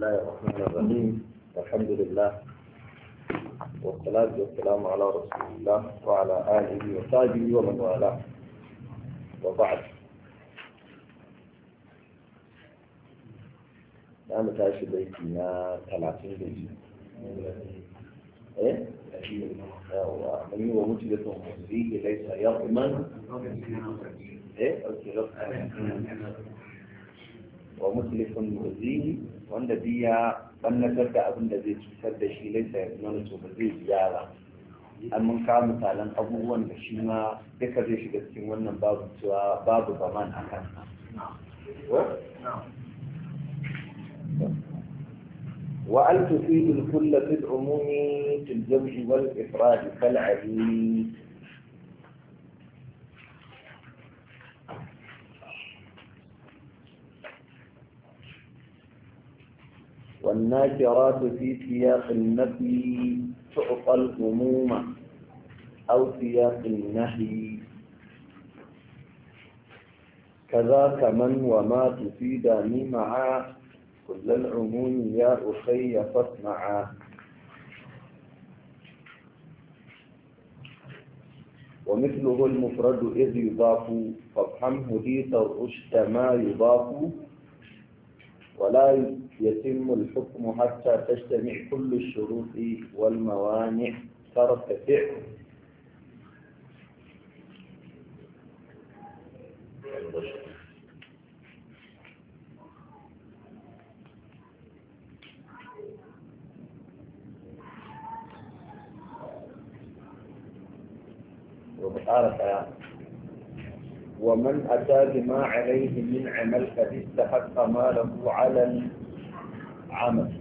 الله الرحمن الرحيم الحمد لله والصلاة والسلام على رسول الله وعلى آله وصحبه ومن والاه وبعد za تعيش بيتنا ثلاثين na إيه؟ ومن هو eh فيه ليس yi إيه؟ mutu ومسلف مؤذيه وأن بيا أن تبدا أبن الذي تفسد الشيء ليس يضمن تفسير زيادة أما كان مثلا أبوه أن الشيما ذكر ليش قسم وأن باب باب ضمان أكان نعم وألت فيه الكل في العموم في الزوج والإفراد كالعبيد والناكرات في سياق النفي تعطى الهموم أو سياق النهي كذاك من وما تفيدني معا كل العموم يا أخي فاسمعا ومثله المفرد إذ يضاف فافهمه ديت الرشد ما يضاف ولا يتم الحكم حتى تجتمع كل الشروط والموانع ترتفع وبحارة يعني ومن أتى بما عليه من عمل قد استحق ماله على العمل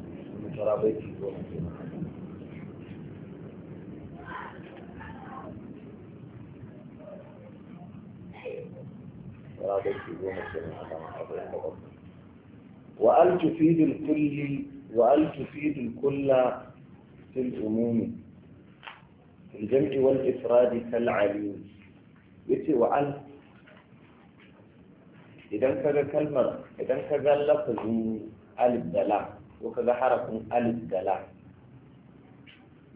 وأل تفيد الكل وأل تفيد الكل في العموم في الجمع والإفراد كالعليم يتي وأل idan ka ga kalmar idan ka ga lafazin alif da ko ka ga harafin alif dala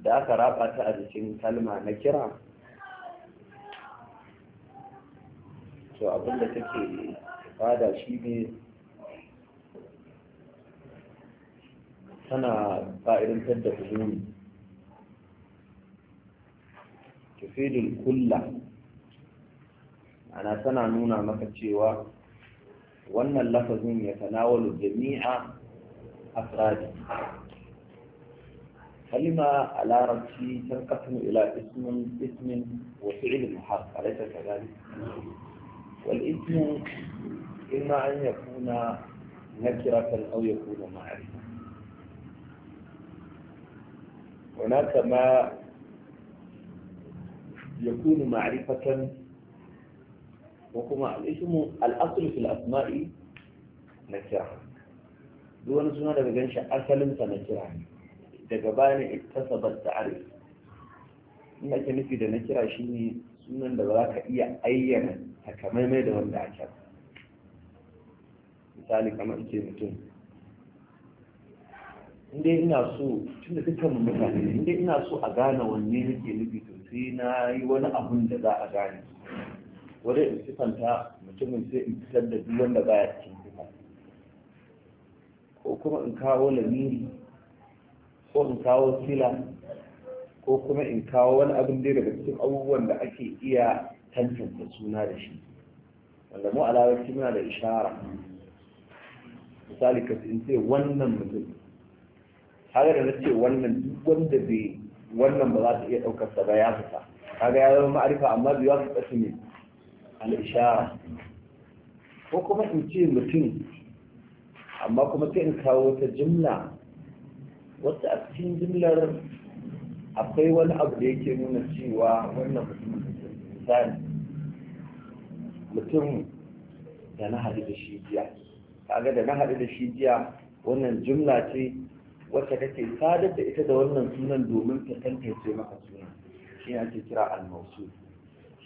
da aka raba ta a jikin kalma na kira to abin da take fada shi ne tana fa'idantar da hujumi tafidin kulla ana tana nuna maka cewa وأن اللفظ يتناول جميع افراد أفراده كلمة على ربشي تنقسم إلى اسم اسم وفعل محق أليس كذلك؟ والاسم إما أن يكون نكرة أو يكون معرفة هناك ما يكون معرفة وكما الاسم الأصل في الأسماء نكرة دون سنة بجنش أصل فنكرة دقبان اكتسب التعريف إن أكن في نكرة شيني سنة دبراك إيا أينا تكمامي دون دعشر misali kamar ce mutum ina so tun da mutane inda ina so a gane wanne nake nufi to sai na yi wani abun da za a gane wani in sifanta mutumin sai in fitar da duk wanda baya cikin sifa ko kuma in kawo lamiri ko in kawo sila ko kuma in kawo wani abin dai daga cikin abubuwan da ake iya tantance suna da shi wanda mu alawar muna da ishara misali ka in ce wannan mutum haka da na ce wannan duk wanda bai wannan ba za ta iya ɗaukar sa ba ya fita kaga ya zama ma'arifa amma biyu ya fita su ne al'ishara ko kuma in ce mutum amma kuma sai in kawo ta jimla wata a cikin jimlar akwai wani abu da yake nuna cewa wannan mutum misali mutum da na haɗu da shi jiya kaga da na haɗu da shi jiya wannan jimla ce wacce kake sadar da ita da wannan sunan domin ta tantance maka suna shi ake kira al-mawsul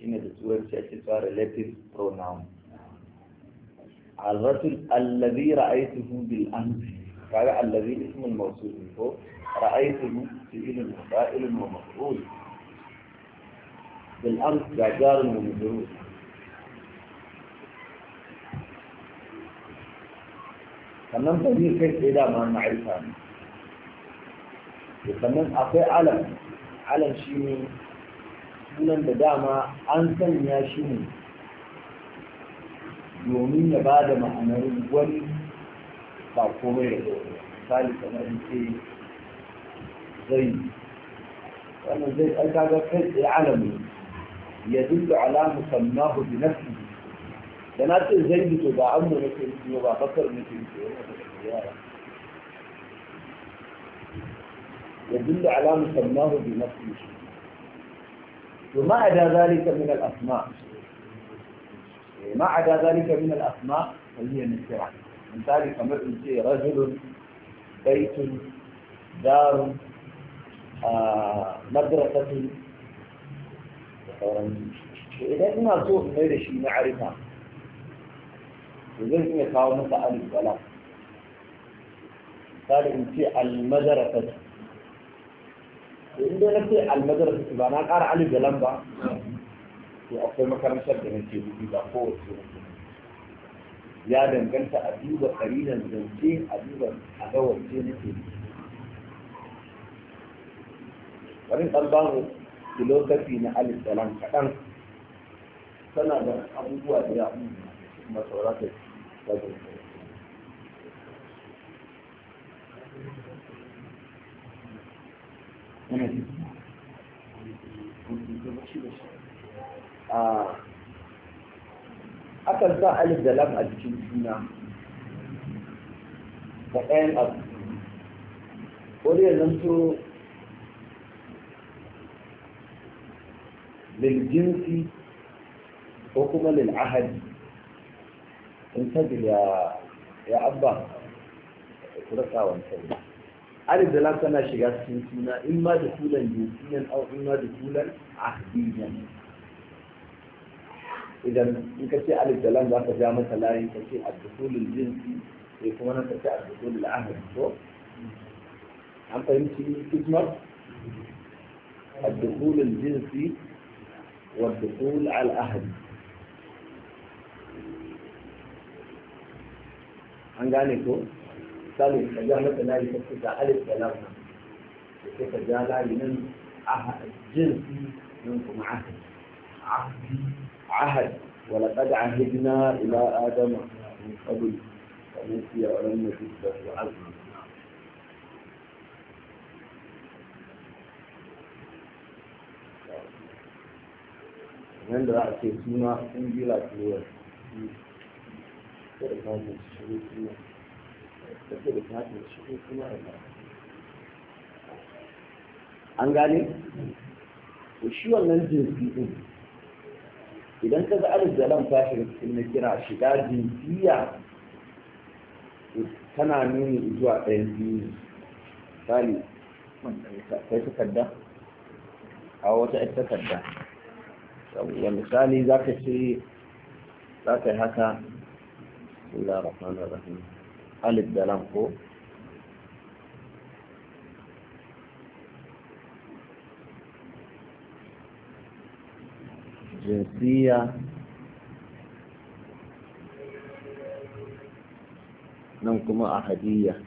هنا بتقول شكل فار relative pronoun الرجل الذي رأيته بالأمس قال الذي اسم الموصول من فوق في فعل فاعل ومفعول بالأمس جار ومجرور فنم تدير كيف إذا ما نعرفها فنم أقي علم علم شيء sunan da dama an sanya shi ne domin ya ba da ma'anar wani ba komai da dole misali kamar ce zai wannan zai aika ga kai tsaye alamu ya dinga alamu sannahu bi nafsi da na ce zai to ba an mu nake yi ba bakar nake yi to yana da yara ya dinga alamu sannahu bi nafsi to ma a da zalika min al'asma eh, ma a da zalika min kamar in ce rajulun baitun darun a madrasatun da idan ina so in mai da shi na arifa to zan iya kawo masa alif bala misali in ce al-madrasatu to in dai na ce almadrasa ba na ƙara alif da lamba to akwai makarantar da nake buɗi ba kowace nake ya danganta a duba ƙarinan zance a duba a gawance nake wani ɗan bamu filosofi na alif da lam kaɗan tana da abubuwa da ya masaurata da zance akan sa alif da lam a jikin juna da ɗayan abu wani yanzu so liljinsi ko kuma lil'ahadi in sabi ya abba kurasa wancan alif da lam tana shiga cikin suna in ma da kulan jinsiyan au in ma da kulan ahdiyan idan in ka ce alif da lam za ka ja mata layin ka ce addukulul jinsi sai kuma nan ka ce addukulul ahdi to an fahimci hikmar الدخول الجنسي والدخول على الأهل an gane ko misali ka ja mata layi ta ce ga alif da lam da sai ka ja layi nan jinsi nan kuma ahad ahad ولقد عهدنا إلى آدم من قبل فنسي ولم نجد له عزما nan da za a ce suna ƙungila turai da ta suna an gane ku shi wannan jinsi din idan ka ga alif da ta shiga cikin na kira shiga jinsiya tana nuni zuwa ɗayan biyu misali kai takarda a wata ita takarda saboda misali za ka ce za ka yi haka Allah rahmanu rahim ألف دلم خو جنسية نمكم أحدية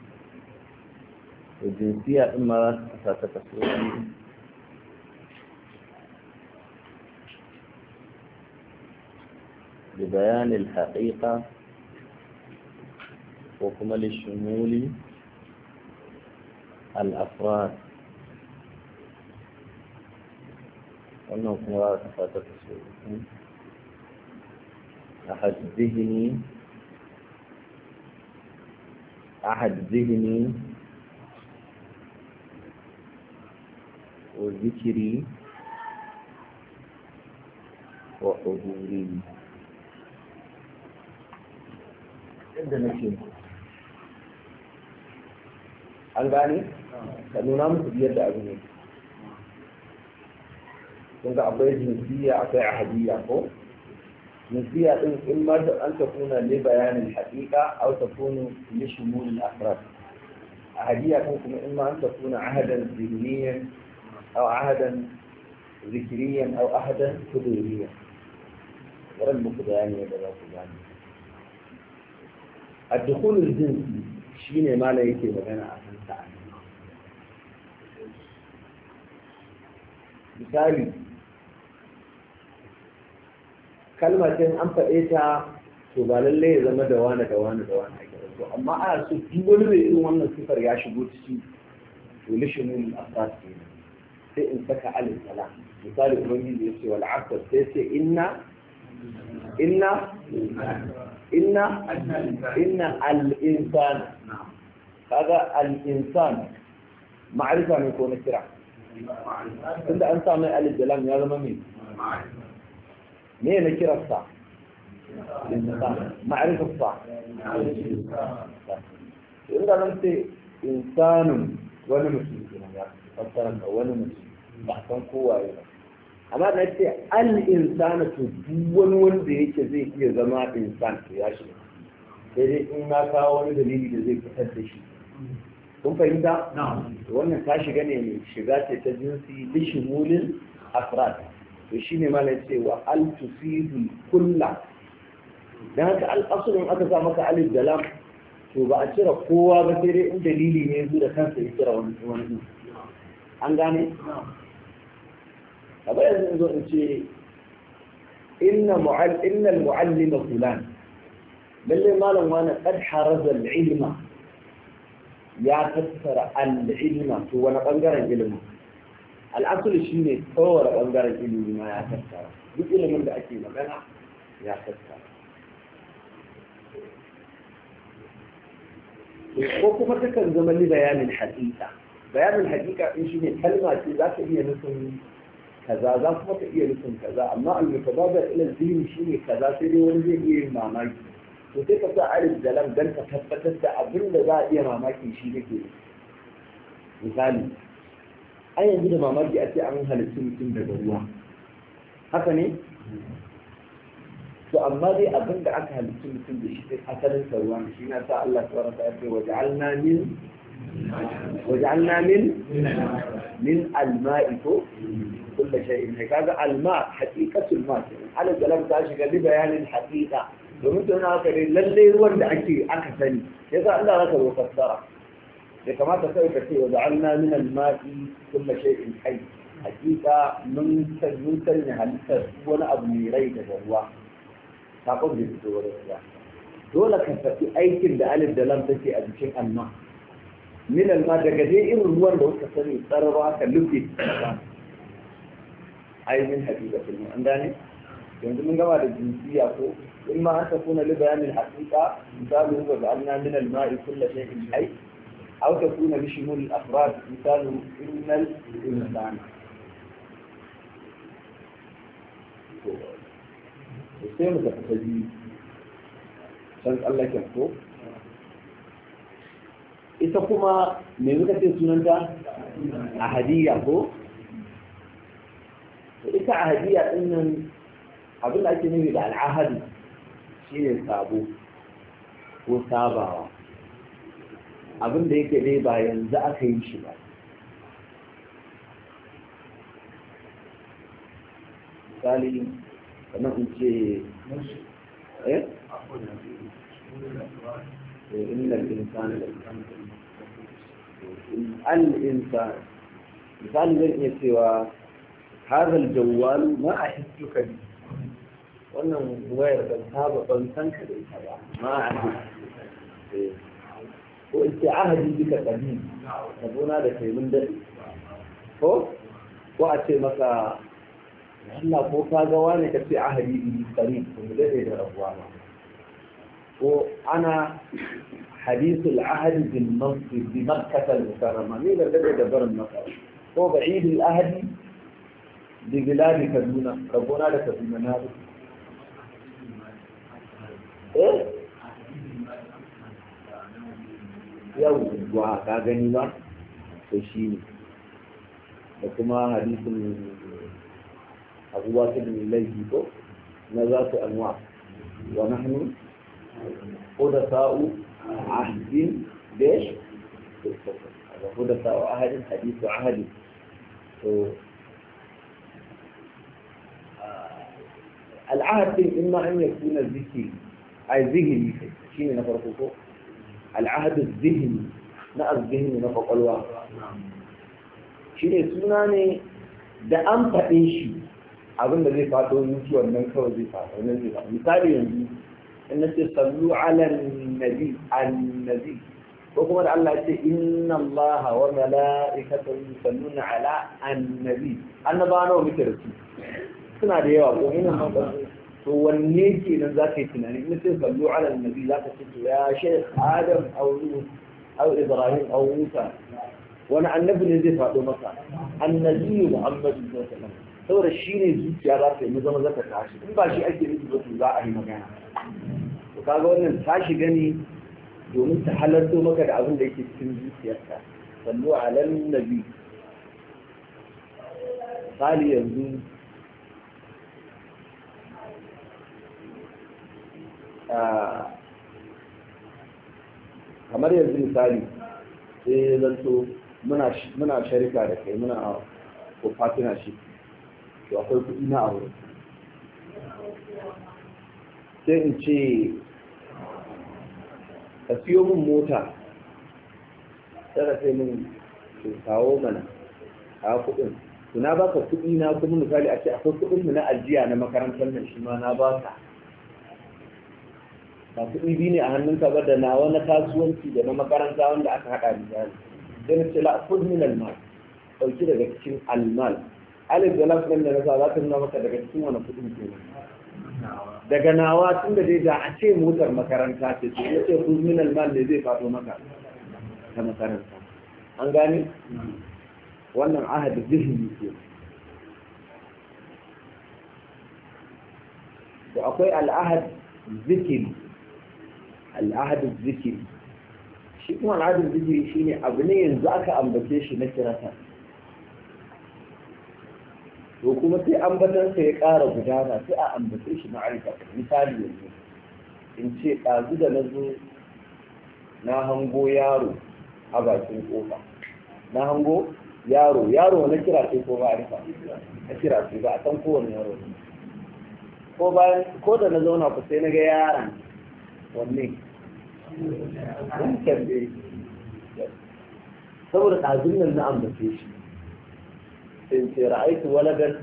الجنسية إما ستتسلم لبيان الحقيقة وكما لشمول الأفراد وأنه كما تفاتت أحد ذهني أحد ذهني وذكري وحضوري عندنا كلمة an gane ka nuna musu biyar da abin yake kun ga akwai jinsiya akwai ahadiyya ko jinsiya din in ma da an tafuna ne bayanin haqiqa aw tafunu li shumul al-afrad ahadiyya ko kuma in ma an tafuna ahadan zihniyan aw ahadan ذكريا او احدا حضوريا ولم يقضيان يدرك يعني الدخول الجنسي شيء ما لا يكي مغنى عنه misali kalmar an faɗe ta to ba lalle ya zama da wani da wani da wani ake rasu amma a su duk wani mai irin wannan sifar ya shigo ciki to lishin al-asas ne. sai in saka alif tala, misali ubangiji ya ce wal asr sai sai inna inna inna inna al-insana هذا الإنسان معرفة من يكون الشرع عند أنت من قال دلام يا لما مين مين الشرع الصح معرفة الصح إن أنت إنسان ولا مسلم ولا مسلم بحثا قوة أيضا أما ce al insana to duk wani wanda yake zai iya zama insan to ya shiga sai dai in na kun fahimta wannan ta shiga ne mai shiga ce ta jinsi lishimulin afrad to shine malam ce wa al kulla dan haka aka sa maka alif da lam to ba a cire kowa ba sai dai in dalili ne zuwa da kansa ya cire wani wani an gane abai yanzu in zo in ce inna mu'allima malam wani kad haraza ilma ya tattara al'ilma to wani ɓangaren ilimi al'asul shi ne kowane ɓangaren ilimi ma ya tattara duk ilimin da ake magana ya tattara ko kuma takan zama ni bayanin haƙiƙa bayanin haƙiƙa in shi ne kalma ce za ka iya nufin kaza za kuma iya nufin kaza amma al-mutabadar ila zihni shine kaza sai dai wani zai iya yin mamaki to sai ka sa alif da lam dan ka tabbatar da abin da za a iya mamaki shi nake misali an yanzu da mamaki a ce an halittu mutum daga ruwa haka ne to amma dai abin da aka halittu mutum da shi asalin sa ruwa shi na sa Allah tabaraka wa ta'ala waja'alna min waja'alna min min alma'i ko kullu shay'in kaga alma haqiqatul ma ala zalam ta shiga li bayanin haqiqa domin tun haka dai lallai wanda ake aka sani ya sa Allah zaka zo fassara ya kamata sai ka ce wa ja'alna min al-ma'i kullu shay'in hayy hakika mun san mun sanya halittar wani abu mai rai daga ruwa sakon da fito wani ruwa dole ka tafi aikin da alif da lam take a jikin annan min al-ma daga dai irin ruwan da kuka sani tsarwa ka lufe ai min hakikatin an gane yanzu mun gama da jinsiya ko إما أن تكون لبيان الحقيقة مثاله وجعلنا من الماء كل شيء حي أو تكون لشمول الأفراد مثاله إن الإنسان السيمة تقتدي شان الله كفو إذا كما ميمكة سنة أهدية هو إذا أهدية إن عبد الله كنبي العهد shine sabo ko sabawa abin da yake dai ba yanzu aka yi shi ba misali kamar in ce eh إلا الإنسان الإنسان مثال من سوى هذا الجوال ما أحسك به wannan wayar ban saba ban san ka da ita ba ma ko ce ahadi duka kabi ka da kai mun ko ko a ce maka Allah ko ka ga wani ka ce ahadi bihi kabi ko mu daɗe da rabuwa ba ko ana hadisul ahadi bil masjid bi makkah al ni da daɗe da barin maka ko ba'idul ahadi bi biladi kaduna rabona da kaduna na eh wa ka gani ba to shi ne da kuma hadisin abubuwa su da laifi ko na za su anwa wa nahnu hudasa'u ahdin dash hudasa'u ahadin hadisu ahadin to al'ahad din imma an yakuna zikiri ai zihini shi ne na farko ko al'ahadu zihini na azzihini na kwakwalwa shi suna ne da an faɗe shi abinda zai faɗo mutuwar nan kawai zai faɗo nan zai faɗo misali yanzu in na ce sallu ala nabi annabi ko kuma da Allah ya ce inna Allah wa mala'ikatahu yusalluna ala annabi annaba nawa muke da su suna da yawa ko ina hankali to wanne ke nan za ka yi tunani in sai sallu ala annabi za ka ce to ya shaykh adam aw aw ibrahim aw musa wani annabi ne zai faɗo maka annabi muhammad sallallahu alaihi wasallam saboda shi ne zuciya za ta yi maza maza ta tashi in ba shi ake nufi ba to za a yi magana to kaga wannan tashi gani domin ta halarto maka da abin da yake cikin zuciyarka sallu ala annabi misali yanzu kamar yanzu misali sai zanto muna sharika da kai muna ko fatina shi to akwai kuɗi na aure sai in ce ka siyo min mota tsara sai min kawo mana a kudin to na ka kuɗi na kuma misali a ce akwai kudin mu na ajiya na makarantar nan shi ma na ka ba kuɗi biyu ne a hannunka ba da nawa na kasuwanci da na makaranta wanda aka haɗa da sai na ce la kud min almal ɗauki daga cikin almal alif da lafiyar da na za ta nuna maka daga cikin wani kuɗin ke daga nawa tun da dai da a ce motar makaranta ce ce ya ce kud min almal ne zai fado maka ta makaranta an gane wannan ahad zihni ke da akwai al'ahad zikiri al'adun zikiri shi kuma al'adun zikiri shine abu ne yanzu aka ambace shi na kirata to kuma sai ambatansa ya ƙara gudana sai a ambace shi na ma'arifa misali yanzu in ce ɗazu da na zo na hango yaro a bakin ƙofa na hango yaro yaro na kira sai ko ma'arifa na kira sai ba a san kowane yaro ko bayan ko da na zauna ku sai na ga yaron والنيل ممكن تورق عزلنا النعم مفيش انت رأيت ولدا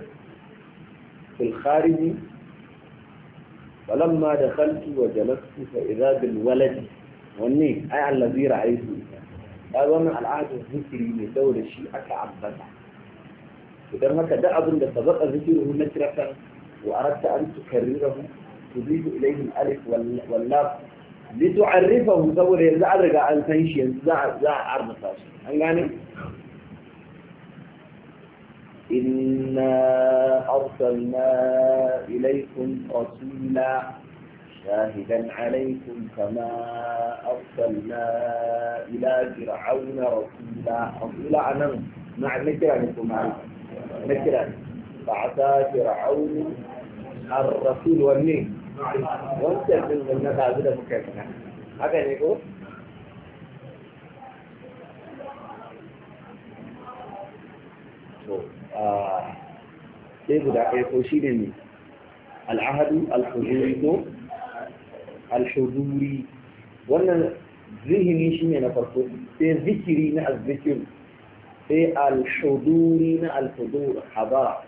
في الخارج فلما دخلت وجلست فإذا بالولد والنيل أي الذي رأيته قال ومع العهد الذكري لدور الشيعة كعبدا إذا هناك دعب لسبق ذكره مترفا وأردت أن تكرره تضيف إليه الألف واللام لتعرفه صور هي رجع عن تنشي زع زع عرض تاش أنغاني إنا أرسلنا إليكم رسولا شاهدا عليكم كما أرسلنا إلى فرعون رسولا رسولا أنا مع نكرانكم مع نكرة فعسى فرعون الرسول والنيل wancan din nan na dazu da muka yi haka ne ko to sai guda ɗaya ko shi ne ne al'ahadu al-huduri ko al-huduri wannan zihini shi ne na farko sai zikiri na azzikir sai al-huduri na al-hudur hadara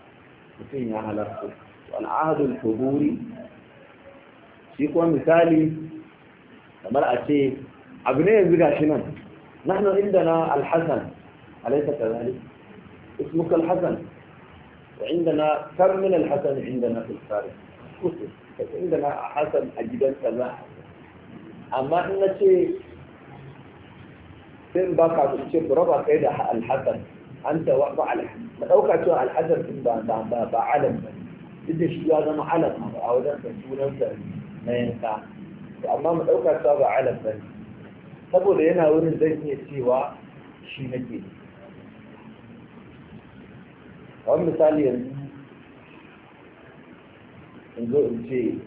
mutum ya halarta al'ahadu al-huduri shi kuma misali kamar a ce abu ne yanzu shi nan nahnu indana alhasan alaysa kadhalik ismuka alhasan wa indana kam min alhasan indana fil kharij kusur na hasan a gidan kaza amma in na ce sai ba ka su ce ku raba kai da alhasan an ta wa Alhassan na ɗauka cewa alhasan ba ba ba alam ba duk da shi ya zama alam a wajen sa sunan sa ما ينفع أما من أوكا سابع على البن تقول لنا وين البن هي سيوا شي مدين وأما ثاليا نقول شيء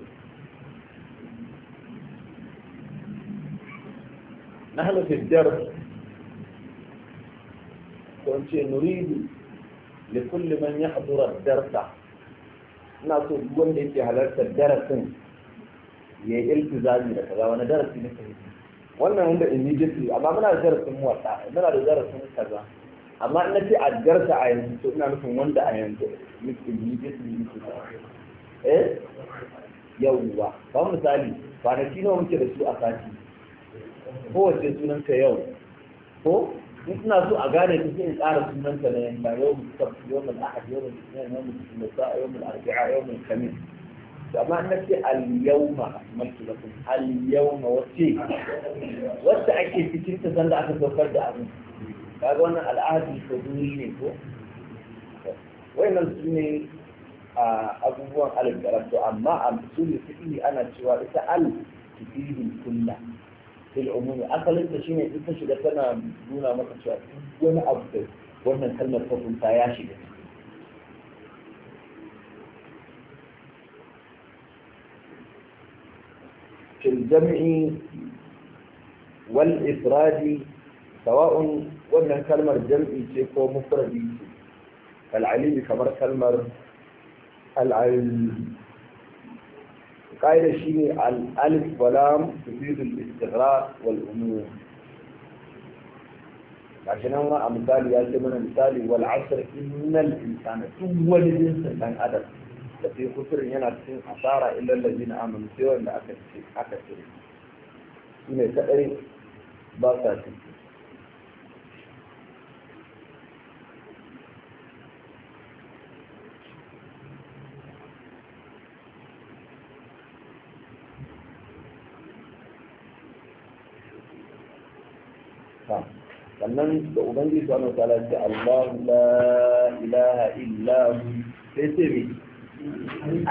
نحن في الدرس كنت نريد لكل من يحضر الدرس ناس يقول لي في حالات الدرس ya yi iltizami da kaza wani darasi na fahimci wannan wanda immediately amma muna da darasin wasa muna da darasin kaza amma na ce a darsa a yanzu to ina nufin wanda a yanzu immediately nake eh yauwa ba misali kwanaki nawa muke da su a sati kowace ka yau ko in suna so a gane ta sai in ƙara ka na yau mutum yau mul ahad yau yau mul thulatha yau yau amma na ce al-yawma lakum al wace wacce ake cikin ta sanda aka saukar da abin kaga wannan al'adu ko duni ne ko wayannan su ne a abubuwan alif amma a usulul fiqh ana cewa ita al tufidul kulla fil asalin ta shine ita shiga tana nuna maka cewa wani abu da wannan kalmar ta ya shiga في الجمع والإفراد سواء ومن كلمة جمع تيكو مفرد العليم كمر كلمة العلم قاعدة شيء الألف واللام تفيد الاستغراق والأمور عشان هو مثال يا مثالي والعصر إن الإنسان هو الإنسان أدب da fi kusurin yana cikin asara illal ladina amanu sai wanda aka ce aka ce shi ne kadai ba sa ciki sannan da ubangiji subhanahu wa ta'ala ce Allah la ilaha illa hu sai ce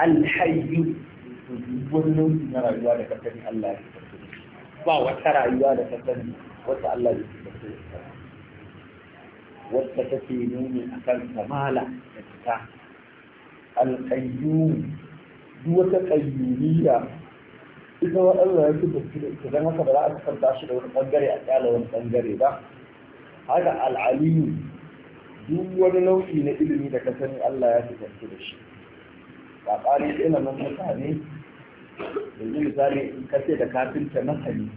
alhayyu wannan na rayuwa da kasani Allah ya ba wata rayuwa da kasani wata Allah ya kasani wata take nuni akan kamala da cika alqayyum duk wata qayyumiyya ita wa Allah ya kasance da ita zan haka ba za a kasanta shi da wani bangare a kyala wani bangare ba haka al'aliyu duk wani nau'i na ilimi da kasani Allah ya kasance da shi tsakanin ilimin mutane yanzu misali in ka ce da kafinta masani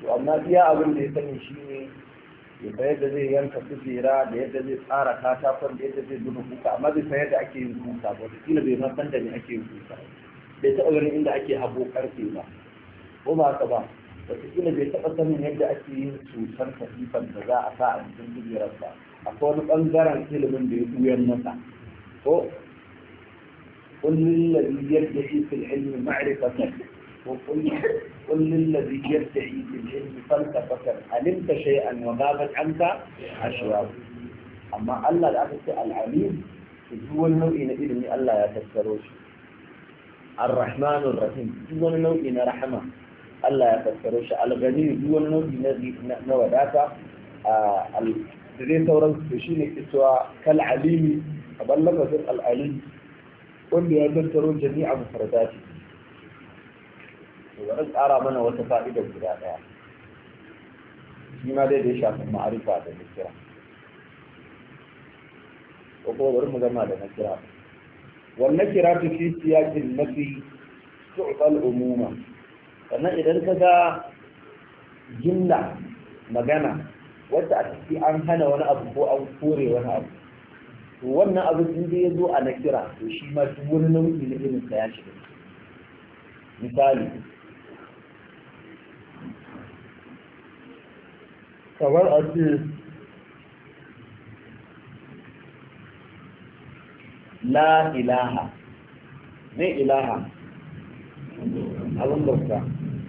to amma iya abin da ya sani shi ne ya yadda zai yanka kujera da yadda zai tsara katakon da yadda zai zuba kuka amma bai fa yadda ake yin kuka ba kila bai ma san da me ake yin kuka bai taɓa ganin inda ake habo karfe ba ko ba haka ba kila bai taɓa sanin yadda ake yin cutar katifan da za a sa a cikin kujerar ba akwai wani ɓangaren ilimin da ya ɓuyar masa ko قل للذي يدعي في العلم معرفة وقل قل للذي يدعي في العلم فلسفة علمت شيئا وغابت عنك أشياء أما الله الأخذ العليم هو النوع إلى الله يتفسروش الرحمن الرحيم هو النوع إلى رحمة الله يتفسروش الغني هو النوع إلى نوداتا zai sauran su shi ne cewa kal alimi a wanda ya gantaro jami'a mufarrati to bari ƙara mana wata fa'idar guda ɗaya shi ma dai da ya shafi ma'arifa da nakira ko kuma bari mu gama da kira. wannan kira ta fi siyakin nafi tu'tal umuma sannan idan ka ga jumla magana wadda a ciki an hana wani abu ko an kore wani abu to wannan abin in dai ya zo a nakira to shi ma duk wani nau'i na irin sa ya shiga misali kamar a ce la ilaha ne ilaha abin bauta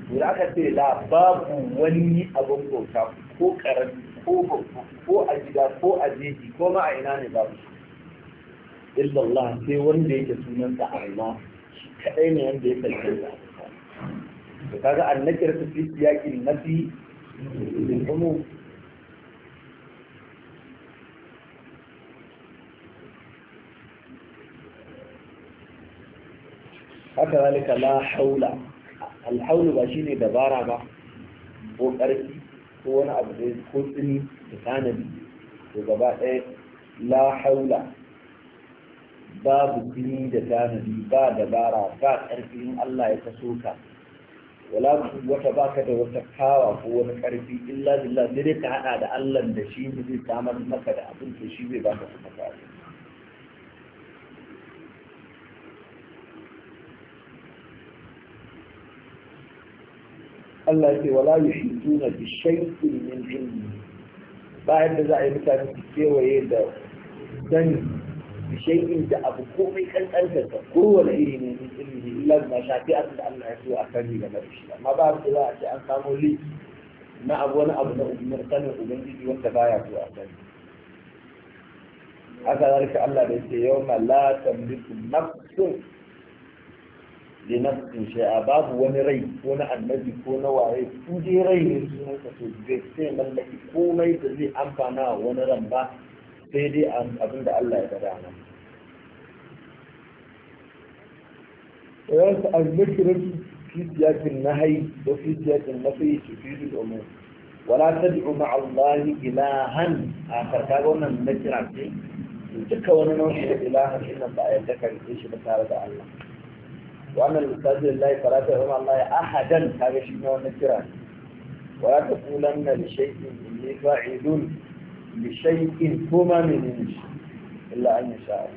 to da aka ce la babu wani abin bauta ko karami ko bauta ko a gida ko a jeji ko ma a ina ne babu shi إلا الله في وندي تسمن دع الله من عندي تسمن فقال أن نكر في سياق النبي الحمو فكذلك لا حول الحول باشيني دبارة با هو أرسي هو أنا أبغيز خلطني تساندي وقبائي لا حول babu jini da tanadi ba dabara ba ƙarfin Allah ya kaso ka wala wata baka da wata kawa ko wani ƙarfi illa billah sai dai ka hada da Allah da shi ne zai samar maka da abin da shi zai baka kuma ka Allah ya ce wala yuhituna bi shay'in min ilmi ba yadda za a yi mutane su kewaye da sani shay'in da abu komai kankantar ka kowane iri ne min ilmihi illa ma shafi abin da Allah ya so a kan game da shi amma ba su za a ce an samu li na abu wani abu na umar sanin ubangiji wanda baya so a sani haka zalika Allah da yake yawma la tamliku nafsun li nafsin a babu wani rai ko na annabi ko na waye in dai rai ne sunan ka to bai sai mallaki komai da zai amfana wani ran ba sai dai abin da Allah ya ga dama wayansu al-makratu fi siyasin nahyi wa fi siyasin nafi tufidu al-umur wala tad'u ma'a Allah ilahan akhar kaga wannan nakira ce cika wani nau'i da ilahan shi nan ba a yadda kan shi ba tare da Allah وأما المستاذ لله فلا تهم الله أحدا هذا شيء من النكرة ولا da لشيء إني فاعل da shay'in من ma إلا أن يشاء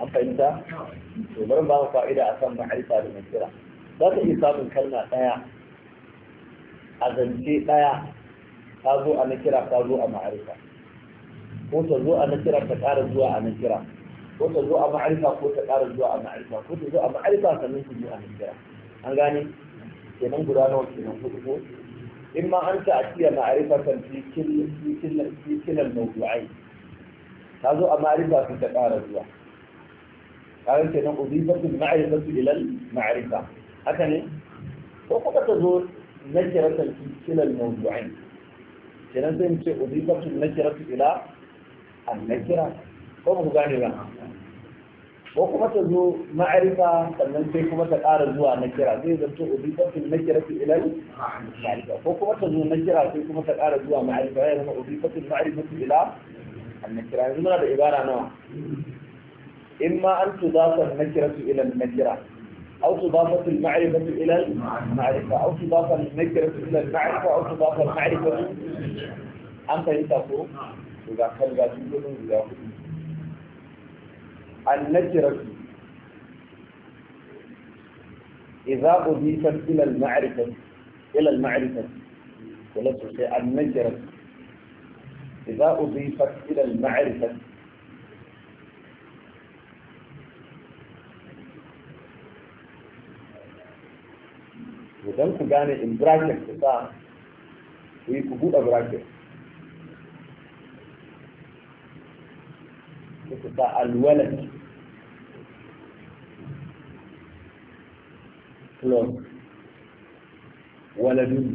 الله yasha إنت an fahimta فائدة bari ba fa'ida akan ma'arifa da nakira za ka iya samun kalma ɗaya a zance ɗaya ta zo a zo a ko ta zo a nakira ta ƙara zuwa a nakira ko ta zo a ma'arifa ko ta ƙara zuwa a ma'arifa ko ta zo a ma'arifa sannan ta zo a an gane kenan guda nawa kenan hudu ko إما أن تأتي معرفة في كل في كل في كلا الموضوعين هذا معرفة في تقارب الله قال كنا أضيفت المعرفة إلى المعرفة هكذا وقد تزور نكرة في كلا الموضوعين كنا نمشي أضيفت النكرة إلى النكرة فهو غني لها ko kuma ta zo ma'arifa sannan sai kuma ta ƙara zuwa na kira zai zanto ubifatin na kira fi ilal ma'arifa ko kuma ta zo na kira sai kuma ta ƙara zuwa ma'arifa ya zama ubifatin ma'arifa fi ila na kira yanzu muna da ibara nawa in ma an tu zafar na kira fi ilal na kira أو تضافة المعرفة إلى المعرفة أو تضافة النكرة إلى المعرفة أو an fahimta أنت يتقو إذا كان قاعد يقولون إذا النكرة إذا أضيفت إلى المعرفة إلى المعرفة ولا تشيء إذا أضيفت إلى المعرفة وذلك ku gane in bracket ku sa ba alwalad plus waladun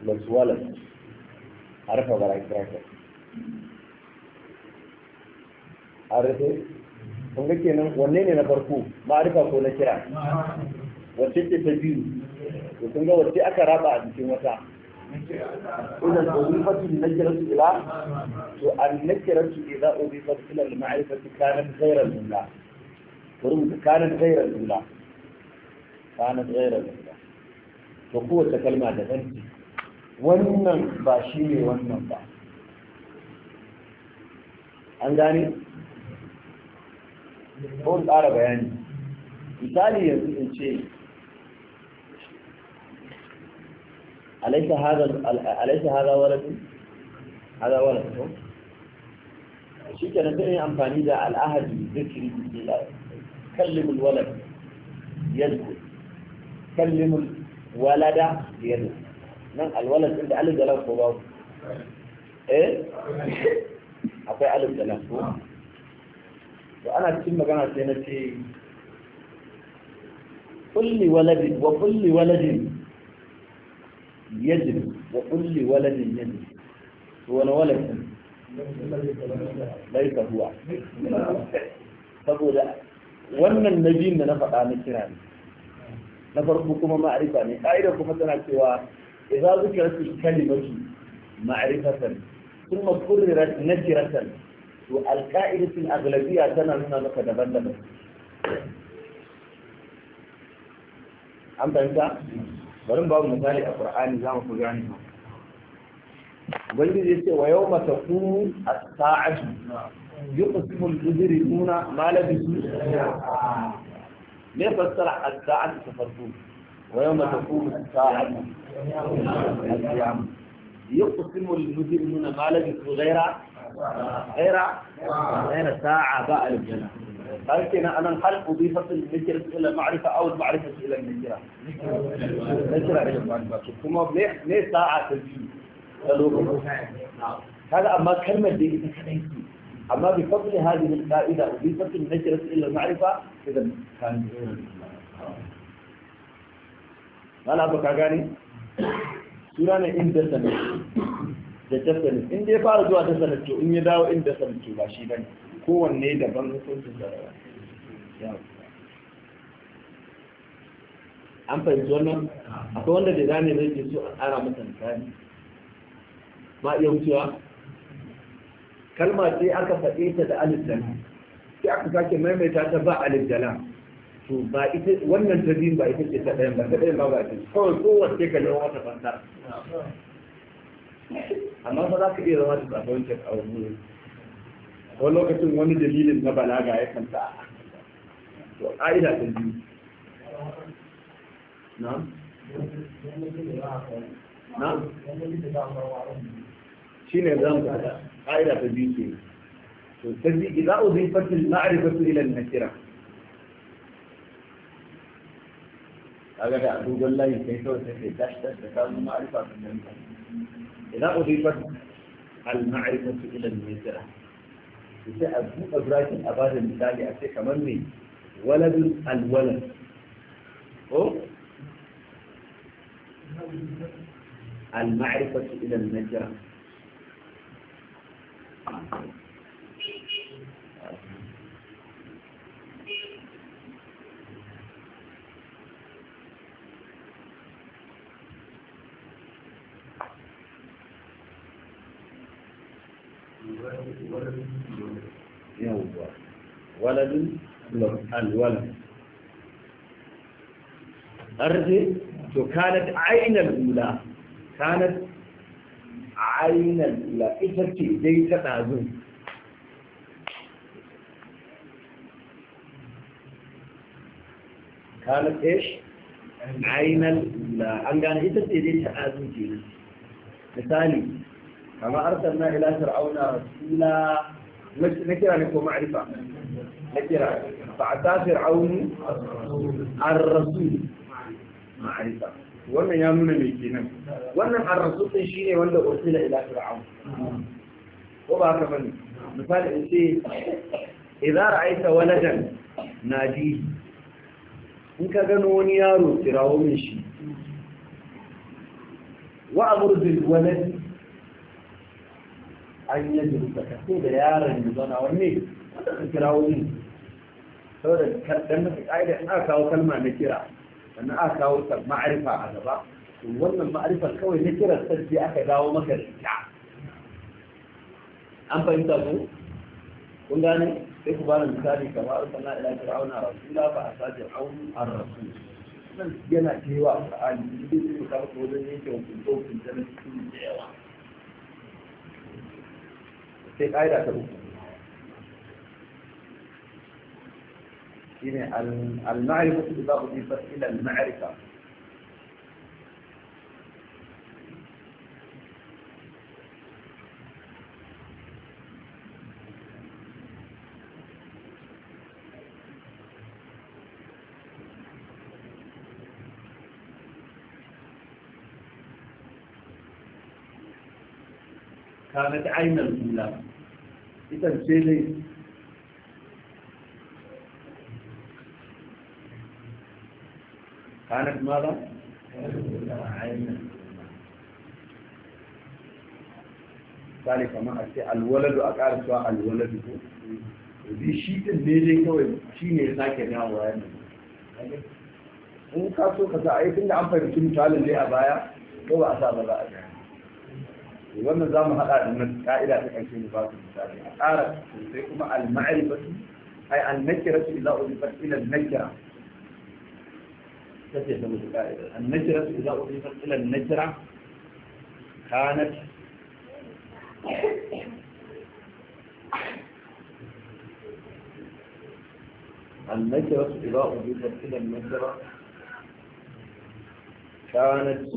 plus walad a rufe bracket a rufe kun ga kenan wanne ne na farko ma'arifa ko na kira wacce ce ta biyu kun ga wacce aka raba a cikin wata إذا أضيفت النكرة إلى النكرة إذا أضيفت إلى المعرفة كانت غير الجملة فرمت كانت غير الجملة كانت غير الجملة فقوة كلمة تفنتي wannan باشيني shi ne wannan ba an gane? ko ƙara bayani misali yanzu أليس هذا أليس هذا ولد هذا ولد shi kenan sai amfani da al'ahadi zikiri bismillah kallimul walad yadku kallimul walada yadku nan alwalad din da da lam ko ba akwai alif da lam ko ana cikin magana sai na ce kulli waladin wa kulli waladin yajin wa kulli waladin yajin to wani waladin ka huwa saboda wannan na biyun da na faɗa na kira ne na farko kuma ma'arifa ne ƙa'idar kuma tana cewa idza zikrat kalimatu ma'rifatan thumma qurrat nakiratan to alqa'idatul aghlabiyya tana nuna maka daban-daban an fahimta bari babu misali a qur'ani za mu fi gani ubangiji ya ce wa yau mata kunu a sa'adu yi kusurul uzuri nuna malabi su me fassara a sa'adu ta farko wa yau mata kunu a sa'adu yi kusurul uzuri nuna malabi su gaira gaira gaira sa'a ba aljana قال كنا أنا هل أضيفت النجرة إلى المعرفة أو المعرفة إلى النجرة نجرة إلى المعرفة ثم بليح ليه ساعة تلوه هذا نعم. أما كلمة دي أما بفضل هذه القائدة أضيفت النجرة إلى المعرفة إذا كان قال أبو كاغاني سورة إن سنة da ta in dai fara zuwa ta sanatto in ya dawo kowanne daban hukuncin da an fahimci wannan akwai wanda da zane zai ke so a tsara masa misali ma iya wucewa kalma ce aka faɗe ta da alif dala sai aka sake maimaita ta ba alif dala to ba ita wannan ta biyun ba ita ce ta ɗayan ba ta ɗayan ba ba ce kawai kowace ka yawan wata fanta amma fa za ka iya zama da tsafon cek a wani ولكن وني دليل ان بلاغا يكن تا تو ايدا تنجي نعم نعم شنو نظام هذا ايدا تنجي تو تنجي اذا اضيفت المعرفه الى النكره هذا ده ابو جلاله كيف هو تكتشف تكامل المعرفه اذا اضيفت المعرفه الى النكره sai a buɗe brakin a bada misali a ce kamar ne waladun alwalad ko al-ma'rifatu ila al-najra Thank you. يوم ولد الولد أرجع كانت عين الأولى كانت عين الأولى إذا تي ليس كانت إيش عين الأولى أن كان إذا تي ليس تعزون كما أرسلنا إلى فرعون رسولا na kira ne ko ma'arifa na kira fa'ata fir'aunu ar-rasul ma'arifa wannan ya nuna mai kenan wannan ar-rasul din shine wanda ursila ila fir'aun ko ba haka bane misali in ce idza ra'aita waladan nadi in ka gano wani yaro kirawo min shi wa amur bil walad an yi jirka ka da yaron ya zauna wanne wanda kira wani saboda dan in aka kawo kalma na kira sannan aka kawo ma'arifa a gaba wannan ma'arifar kawai na kira sai aka dawo maka da ita an fahimta ku kun gane sai ku bani misali kamar sana ila fir'auna rasula fa asajir aun ar-rasul yana cewa qur'ani ne ku ka ko zai yake hukunta hukunta na cikin da yawa شيخ عائلة تبوك يعني المعرفة بضاق إلى المعرفة كانت عين الملاك Idan ce dai kanat mara misali kamar a ce alwaladu a ƙara alwaladu ko zai shi ɗin ne dai kawai shi ne ya sake dawowa yana in ka so ka sa aikin da an fahimci misalin dai a baya ko ba a sa ba za a wannan za mu haɗa da nan ka'ida ta ƙarshe ne ba su misali a ƙara sai kuma al-ma'rifatu ai an-nakiratu idza udifat ila an-nakira tace ta musu ka'ida an-nakiratu idza udifat ila an-nakira kanat النكرة إذا أضيفت إلى النكرة كانت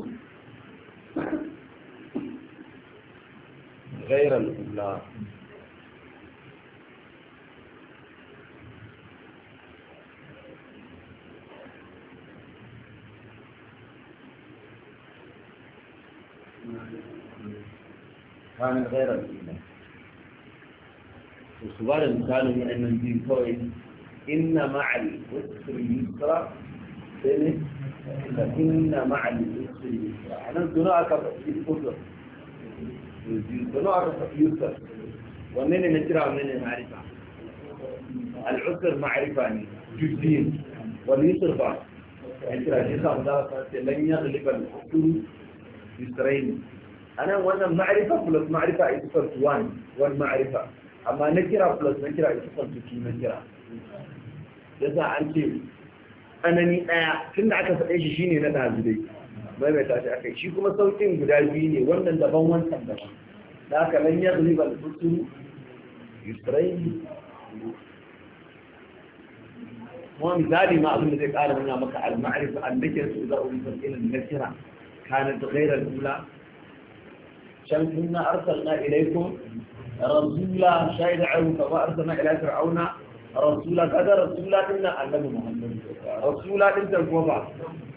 غير الأولى كان غير الأولى وصبر المثال من أن الدين كويس إن مع العسر يسرى إن مع العسر يسرى أنا الدنيا أكبر في dono a rasa yusuf wanne ne na kira wanne ne ma'arifa al'usur ma'arifa ne juddin wani yusuf ba ya kira shi sa za a ce lan ya zaliban hukum yusraini anan wannan ma'arifa plus ma'arifa is equal to one one ma'arifa amma na kira plus na kira is equal to two na kira yasa an ce tsanani ɗaya tunda aka faɗe shi shine na ɗazu dai maimaita shi aka yi shi kuma sauƙin guda biyu ne wannan daban wancan daban da aka nan ya zuri ba da tuttu yusraini kuma misali ma abin da zai ƙara nuna maka al-ma'arifa an dake su da ubin sarkin nakira kanat ghayra al-ula shan kunna arsalna ilaykum rasula shahida ayyuka wa arsalna ila fir'auna rasula kaga rasula din nan annabi muhammad rasula din ta ko ba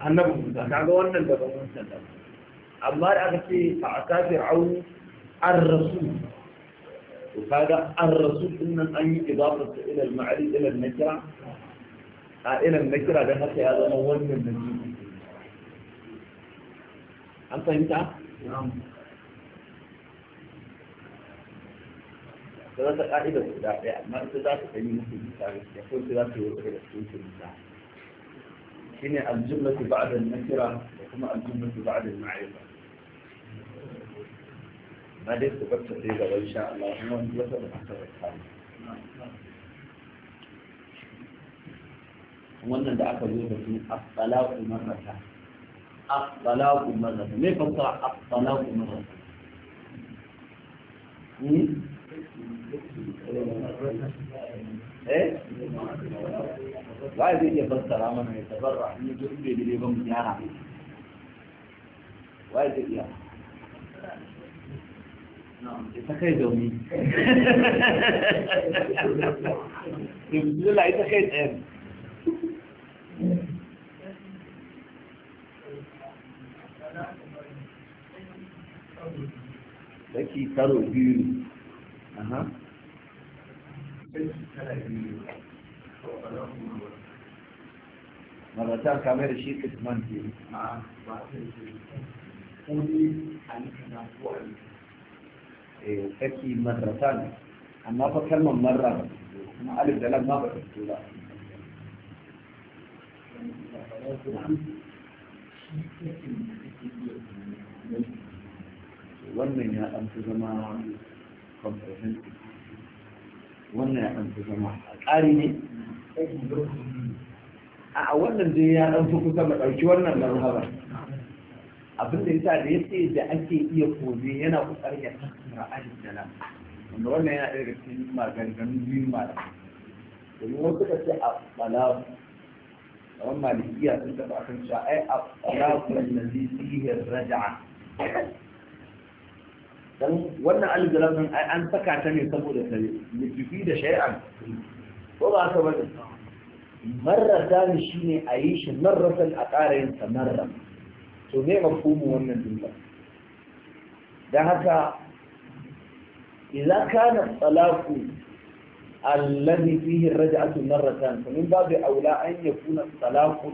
annabi musa kaga wannan da ban san amma da aka ce fa aka fir'aun ar-rasul to kaga ar-rasul din nan an yi idafa ta ila al-ma'rif ila al-nakira a ila al-nakira dan haka ya zama wannan da an fahimta da wata ƙa'idar guda ɗaya amma ita za ta ɗanyi musu nisa gaskiya ko ita za ta yi wata da su su nisa ne aljumlatu ba'da nakira da kuma aljumlatu ba'da ma'rifa na dai ku bar ta sai gaba insha Allah kuma wani wata da aka rasa wannan da aka zo da su as-salatu marrata as-salatu marrata me fanta as-salatu marrata hmm? eh wai zai iya fassara mana ya tabarra in inda ya zai iya kai domi da ita kai Daki karo biyu. Aha. مرتان كامير شيء كتمان فيه مع قولي عليك نعفو أما فكلمة مرة أنا ألف دلال ما بحث لا wannan ya ɗan fi wannan ya ɗan fi zama ƙari ne a wannan dai ya ɗan fi kusa mu ɗauki wannan marhaba abin da yasa da yace da ake iya kome yana ƙoƙarin ya tattara alif da nan. wanda wannan yana ɗaya daga cikin maganganun biyu malamai domin wasu ka ce a balawu kamar malikiya sun taɓa akan cewa ai a balawu lazi sihir raja'a dan wannan aljalam din an saka ta ne saboda ta litifi da shay'an ko ba ka bane marrata ne shine a yi shi marratan a ƙara yin sa marra to me mafhumin wannan jumla dan haka idan kana talaqu alladhi fihi raj'atu marratan fa min babi aula an yakuna talaqu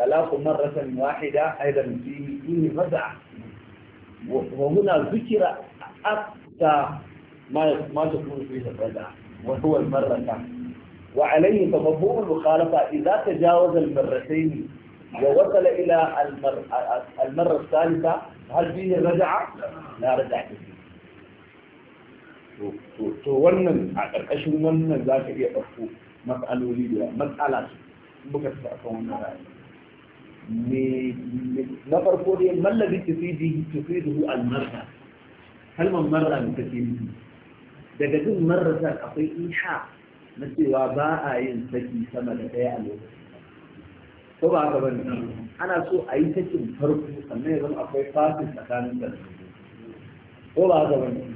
talaqu marratan wahida aidan fihi fihi fad'a وهنا ذكر حتى ما ما تكون فيه البدعة وهو المرة وعليه تفهم المخالفة إذا تجاوز المرتين ووصل إلى المرة الثالثة هل فيه رجعة؟ لا رجعة فيه. تونن ايش من ذاك اللي يقفوا مسألة وليدة مسألة بكت تونن نفر فوري ما الذي تفيده تفيده المرأة kalmar marra ne take nufi daga jin marrasar akwai isha na cewa ba a yin saki sama da ɗaya a lokacin ko ba haka bane ana so a yi sakin farko sannan ya zama akwai fasin tsakanin da ko ba haka bane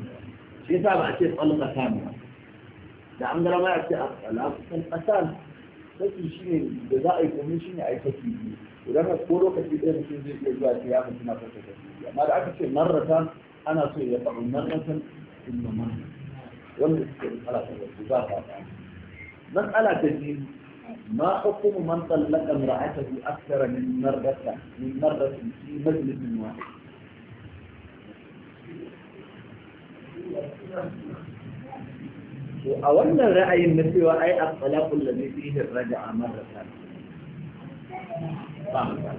shi yasa ba a ce alqatan ba da an gara ma a ce alqatan qasan saki shi ne da za a yi komai shine a yi saki idan ko lokaci ɗaya mutum zai iya zuwa ce ya mutum na saka saki amma da aka ce marrata أنا أصير يطع مرة ثم مرة في المرة والمسكرة مسألة جديد ما حكم من طلق امرأته أكثر من مرة من مرة في مجلس واحد وأولنا رأي النبي وأي الطلاق الذي فيه الرجعة مرة ثانية. فهمت؟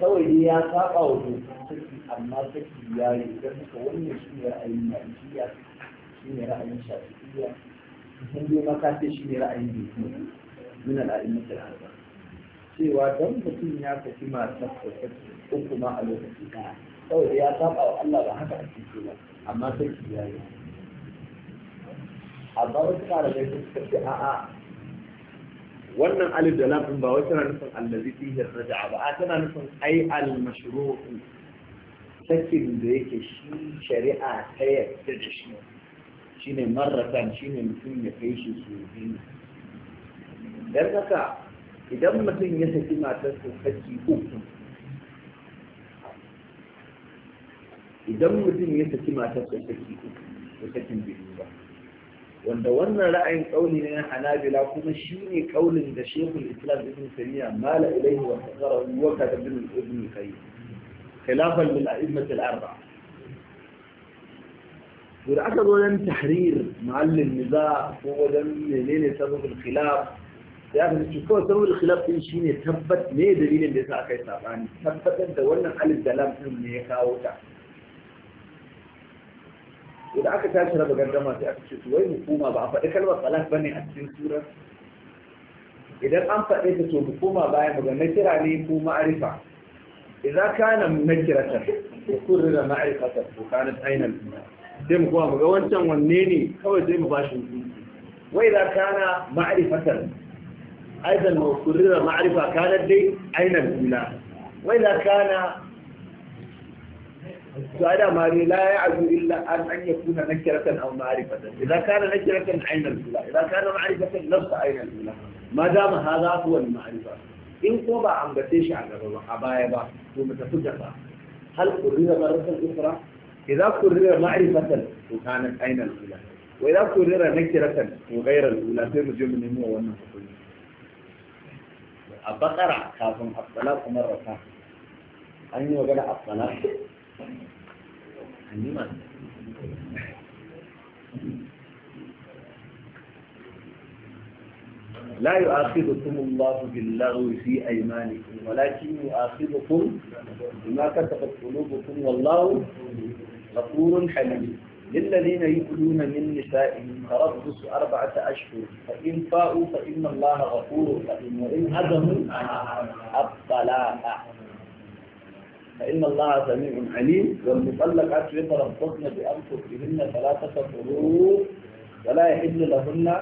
kawai dai ya saba wa dokar saki amma saki ya yi don haka wannan shi ne ra'ayin malikiya shi ne ra'ayin shafi'iyya sun dai makafi shi ne ra'ayin dokar min al'a'immat al'arba cewa don mutum ya saki matar da saki ko kuma a lokaci ɗaya kawai dai ya saba wa Allah ba haka ake ce ba amma saki ya yi amma wasu kara da suka ce a'a wannan alif da lafin ba wai tana nufin allazi fihi raja'a ba a tana nufin ai al mashru'u sakin da yake shi shari'a ta yadda da shi shine marratan shine mutum ya kai shi su biyu dan haka idan mutum ya saki matarsa saki uku idan mutum ya saki matarsa saki uku to sakin biyu ba wanda wannan ra'ayin kauli ne na hanabila kuma shi ne kaulin da shekul islam ibn taymiya mala ilaihi wa tsara wa kada bin ibn qayyim khilafan lil a'immat al arba to aka zo wajen tahrir ma'allin niza ko wajen menene sababul khilaf sai aka ce kawai sababul khilaf din shine tabbat ne dalilin da yasa aka yi sabani tabbatar da wannan alif da lam din ne ya kawo ta idan aka tashi raba gardama sai aka ce wai hukuma ba a faɗi kalmar talak ne a cikin turar idan an faɗe ta to hukuma bayan daga nakira ne ko ma'arifa idan kana nakiratan ko kurrira ma'arifatan ko kana ainal sai mu kuma mu ga wancan wanne ne kawai sai mu bashi hukunci wai idan kana ma'arifatan aidan mu kurrira ma'arifa kana dai ainal ula wai idan kana سؤال ماري لا يعز إلا أن أن يكون نكرة أو معرفة إذا كان نكرة عين الله إذا كان معرفة نفس عين الله ما دام هذا هو المعرفة إن قبع عن بتيش عن الله با ثم تتجفى هل قرر مرة أخرى إذا قرر معرفة وكانت عين الله وإذا قرر نكرة وغير الأولى ثم جمع نمو ونفق البقرة كافم أطلاق مرة أن يوجد أطلاق لا يؤاخذكم الله باللغو في أيمانكم ولكن يؤاخذكم بما كتبت قلوبكم والله غفور حليم للذين يؤلون من نسائهم تربص أربعة أشهر فإن فاؤوا فإن الله غفور رحيم وإن هزموا الطلاق فإن الله سميع عليم والمطلقات يتربصن بأنفسهن ثلاثة قروء ولا يحل لهن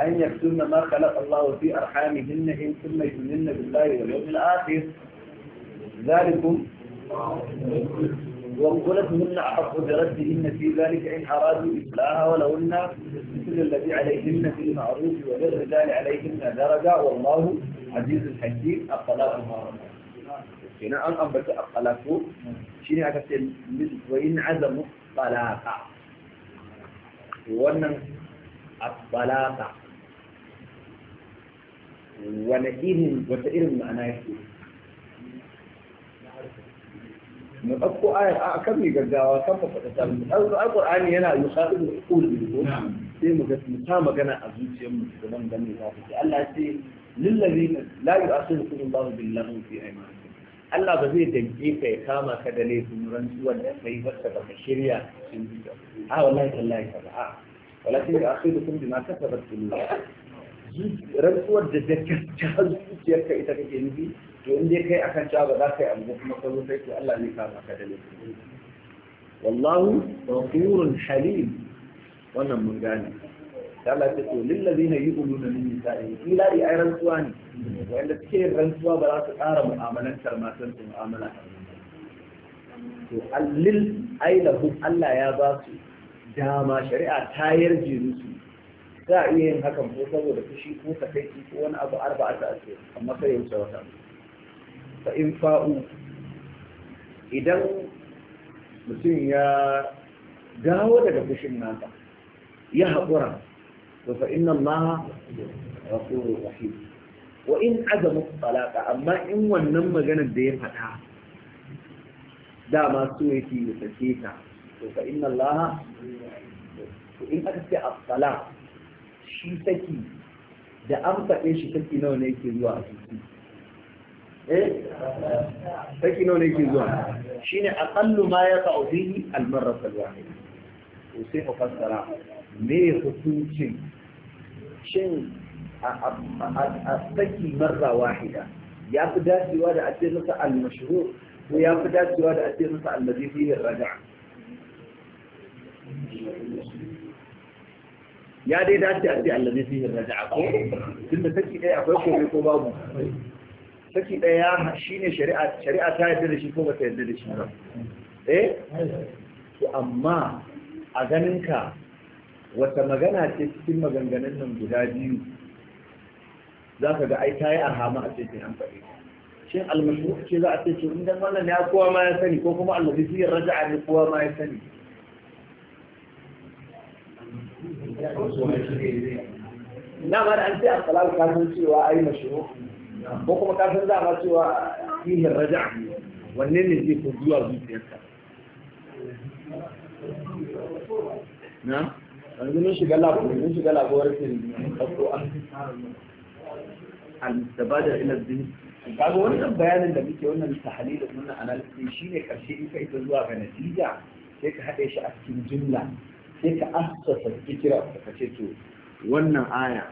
أن يكتبن ما خلق الله في أرحامهن إن كن يؤمنن بالله واليوم الآخر ذلكم وبطولتهن أحق بردهن في ذلك إن أرادوا إصلاحها ولهن مثل الذي عليهن في المعروف وللرجال عليهن درجة والله عزيز حكيم الطلاق المعروف هنا الأمر الطلاق شنو أكثر من وين عزم الطلاق ون الطلاق ونحيه وسائر المعنى يحيه نطبق آية كم يقدر جاوة كم فتسال القرآن هنا يخاطب يقول بالقول في مجسم تام كنا أزوج يوم كنا من دمي الله للذين لا يؤاخذكم الله باللغو في أيمانكم Allah ba zai danke ka ya kama ka da laifin rantsuwar da kai wacce ba ka shirya sun ji a wallahi wallahi ka ba a walakin da akwai dukkan bima kasabat kullu rantsuwar da ta zuciyar ka ita kake nufi to in dai kai akan ta ba za ka yi abu kuma ka zo sai to Allah ne kama ka da laifin wallahu ghafurun halim wannan mun gane Allah ce to ulu ladina yu'minuna min nisa'i ila ai rantsuwa ne wanda suke rantsuwa ba za su ƙara mu'amalantar matan su mu'amala to allil ai Allah ya ba su dama shari'a tayar yarje musu za a iya yin hakan ko saboda fushi ko takaici ko wani abu arba'a ta ce amma sai ya wuce wata fa in fa'u idan mutum ya dawo daga fushin nasa ya haƙura to fa inna allaha ghafurur rahim wa in azama amma in wannan maganar da ya faɗa dama so yake ya sake ta to fa inna allaha in aka ce at-talaq shi saki da an faɗe shi saki nawa ne yake zuwa a ciki eh saki nawa ne zuwa shine ma fassara me hukuncin shin a saki marra wahida ya fi dacewa da ake masa al-mashhur ko ya fi dacewa da ake masa allazi fihi raja ya dai dace a ce allazi fihi raja ko da saki ɗaya akwai kome ko babu saki ɗaya shi shari'a shari'a ta yarda da shi ko bata yarda da shi ba eh to amma a ganin ka wata magana ce cikin maganganun nan guda biyu za ka ga ai ta yi arhama a cikin an faɗi shin almasu ce za a ce ce inda wannan ya kowa ma ya sani ko kuma almashru raja'a ne kowa ma ya sani na ma da an ce ka san cewa ai mashuru ko kuma kafin za ma cewa fihin raja'a wanne ne zai ko zuwa zuciyarka na yanzu mun shiga labo mun shiga labo rashin ɗauko al-tabada ila dhihn kaga wannan bayanin da muke wannan tahlil da wannan analysis shine karshe in ka zuwa ga natija sai ka haɗe shi a cikin jumla sai ka assasa fikira ka ce to wannan aya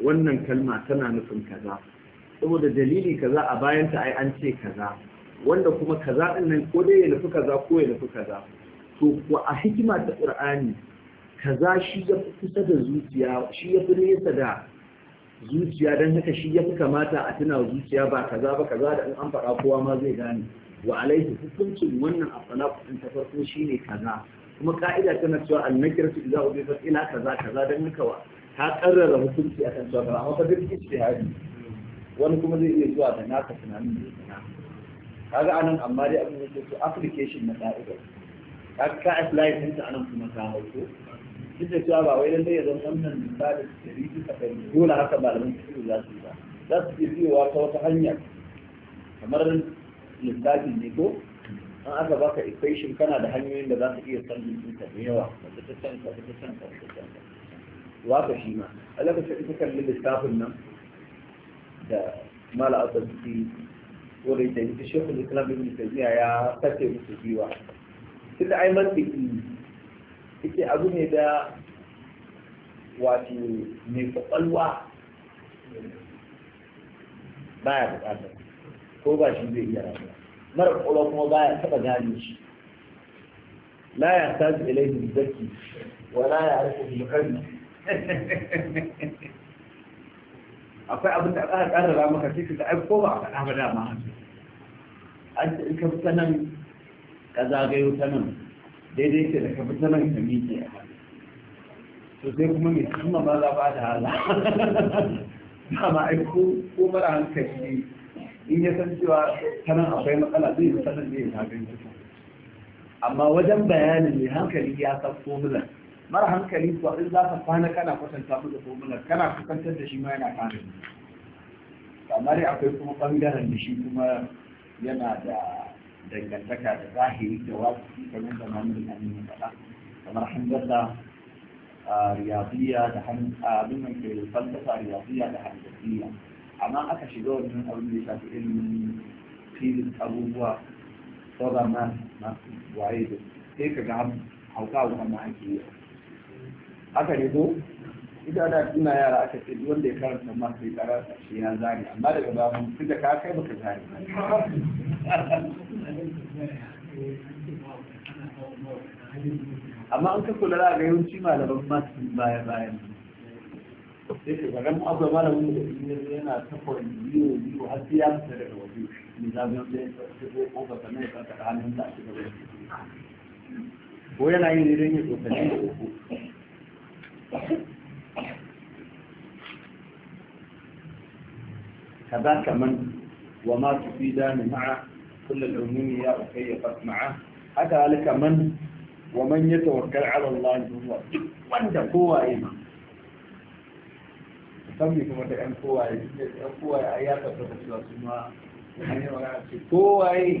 wannan kalma tana nufin kaza saboda dalili kaza a bayanta ai an ce kaza wanda kuma kaza din nan ko dai ya nufi kaza ko ya nufi kaza to ko a hikima ta qur'ani kaza shi ya fi kusa da zuciya shi ya fi nesa da zuciya don haka shi ya fi kamata a tuna zuciya ba kaza ba kaza da in an faɗa kowa ma zai gane wa alaihi hukuncin wannan afala ɗin ta farko shine kaza kuma ka'ida tana cewa annakir su idza ubifat ila kaza kaza dan haka wa ta karrara hukunci akan cewa kaza amma fa duk ijtihadi wani kuma zai iya zuwa da naka tunanin da yake kaga anan amma dai abin da yake so application na ka'ida ka ka apply din anan kuma ka hauko duk da ba wai ya zama wannan misali dole haka malaman ba za su biyowa ta kamar ne ko an aka baka equation kana da hanyoyin da za su iya sanin ɗinka da yawa ta can ta shi ma alaka sai ka kalli lissafin nan da mala asabiti ko da ita ya sake musu biwa tunda ai mantiki yake abu ne da wato mai kwakwalwa baya bukatar ko ba shi zai iya rayuwa mara kwakwalwa kuma baya taba gane shi la ya sa tazu ilaihi zaki wa la ya harfi bukari akwai abin da aka karara maka sai ka ai ko ba a faɗa ba dama an ce in ka fita nan ka zagayo ta nan daidai ke da kafin fita nan ka a hannu to sai kuma mai kama ba za ba da hala ba ma aiko ko mara hankali in ya san cewa ta nan akwai matsala zai yi matsalar da ya zagaye amma wajen bayanin mai hankali ya san formula mara hankali kuwa in za ka kwana kana kwatanta mu da formula kana kusantar da shi ma yana kwana amma dai akwai kuma ɓangaren da shi kuma yana da dangantaka da zahiri da wasu kamar da mamun da amin ya faɗa kamar hamdata riyadiyya da abin nan ke falsafa riyadiyya da hamdatiya amma aka shiga wannan abin da ya shafi ilimin filin abubuwa sauran na masu waye da sai ka ga hauka wannan ake yi haka ne ko ita da ina yara aka ce wanda ya karanta ma sai shi ya zane amma daga ba mun ka kai baka zane amma an ka kula ga yawanci malaman ma su baya bayan sai ka ga mu da malamin da yana tafa yiwo yiwo har sai ya fita daga waje ne zaben sai ko ko ba sanin ka ta hannun da shi gaba ko yana yin irin ya tsokane da uku هذاك من وما تفيدان مع كل العموم يا أخي فاسمعه هذا لك من ومن يتوكل على الله هو وانت قوة إيمان musamman kuma da ‘yan kowaye, ‘yan kowaye a ya tafi da su ma, kowaye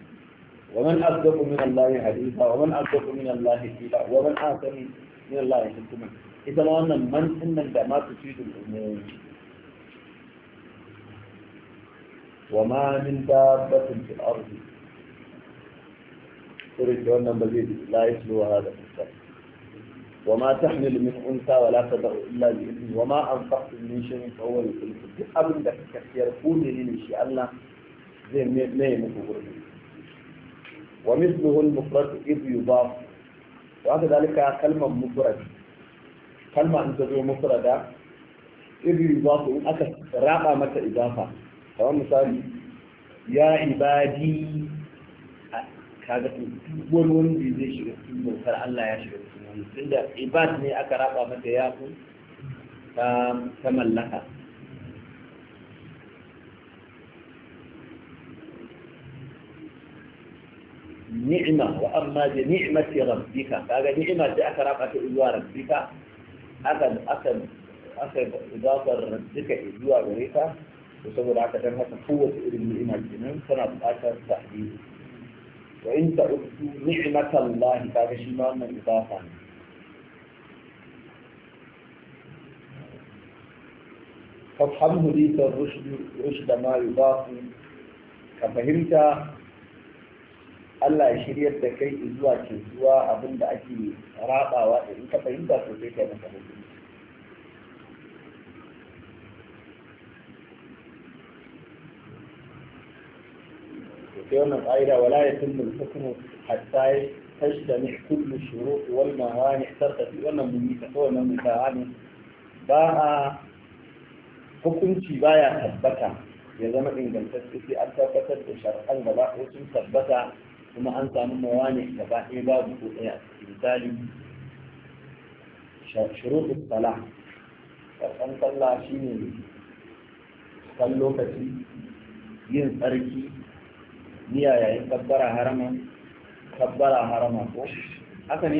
ومن أصدق من الله حديثا ومن أصدق من الله كيلا ومن أحسن من الله حكما إذا أنا من إن ما تفيد الأمور وما من دابة في الأرض تريد وانا مزيد لا يسلو هذا الكتاب وما تحمل من أنثى ولا تدع إلا بإذن وما أنفقت من شيء فهو يخلفه duk abin da ka لي إن dalilin shi Allah zai mai muku ومثله المفرد إذ يضاف وهذا ذلك كلمة مفرد كلمة أن مفردة إذ يضاف إن أكس راقة متى إضافة تمام مثال يا عبادي kaga wani zai shiga cikin bautar Allah ya shiga cikin wani tunda ibad ne aka raba mata ya um, ta mallaka نعمة وأما نعمة ربك هذا نعمة أكثر أكثر إلى ربك أكثر أكثر أكثر إضافة ربك إلى ربك وسبب أكثر هذا قوة إلى النعمة جنون فنا أكثر تحديد وإن تعبدوا نعمة الله هذا شيء ما من إضافة فاصحبه لي الرشد رشد ما يضاف كفهمت Allah ya shiryar da kai zuwa ke zuwa abin da ake rabawa da in ka fahimta to sai ka maka hukunci sai wannan ƙa'ida wala ya tunnu hukumu hatta ya tashdami kullu shuru wal mawani tartafi wannan mun yi ta wannan mun ta hani ba a hukunci baya tabbata ya zama ingantacce sai an tabbatar da shar'an gaba ko sun tabbata kuma an samu mawani gaba ɗaya babu ko ɗaya misali shuruɗin sala karɓan sallah shi ne kan lokaci yin tsarki niyya yayin kabbara harama kabbara harama ko haka ne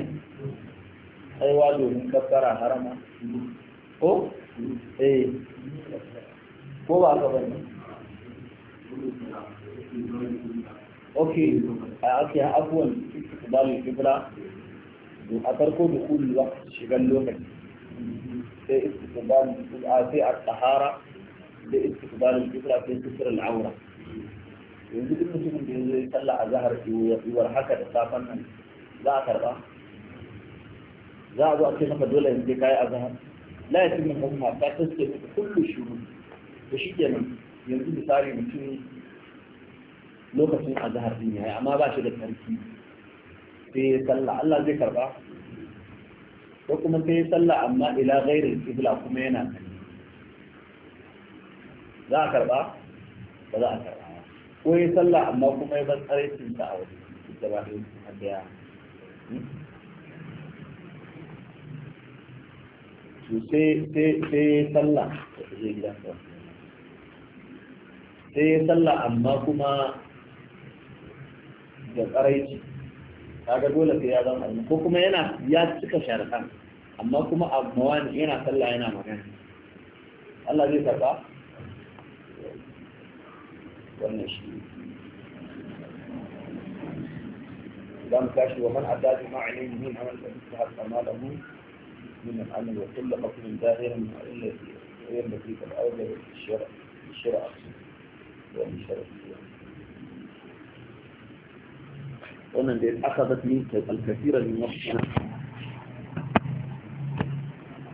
aiwa domin kabbara harama ko eh ko ba ka bane okay a ake abuwan istibali kibra a farko da kuli ba shigan lokaci sai istibali a sai a tsahara da istibali kibra sai suturar aura yanzu duk mutumin da yanzu ya sallah a zahar iwar haka da safan nan za a karba za a zo a ce maka dole yanzu kayi a zahar la ya fi min hukuma ta taske kullu shuru da shi kenan yanzu misali mutum lokacin azhar din yi amma ba shi da tsarki sai ya salla Allah zai karba ko kuma sai ya salla amma ila ghairil qibla kuma yana za a karba ba za a karba ko ya salla amma kuma ya bar tsaraicin ta a waje da ba da hadiya hmm? to sai sai sai sallah sai salla amma kuma da tsaraici kaga dole sai ya zama azumi ko kuma yana ya cika sharaɗa amma kuma a mawani yana sallah yana magana Allah zai karɓa wannan shi دام كاش ومن أتى بما عليه من عمل فإنتهى أماله من العمل وكل قتل ظاهر من التي غير نتيجة الأولى بالشرع بالشرع ومن شرع ومن أخذت منك الكثير من وقتنا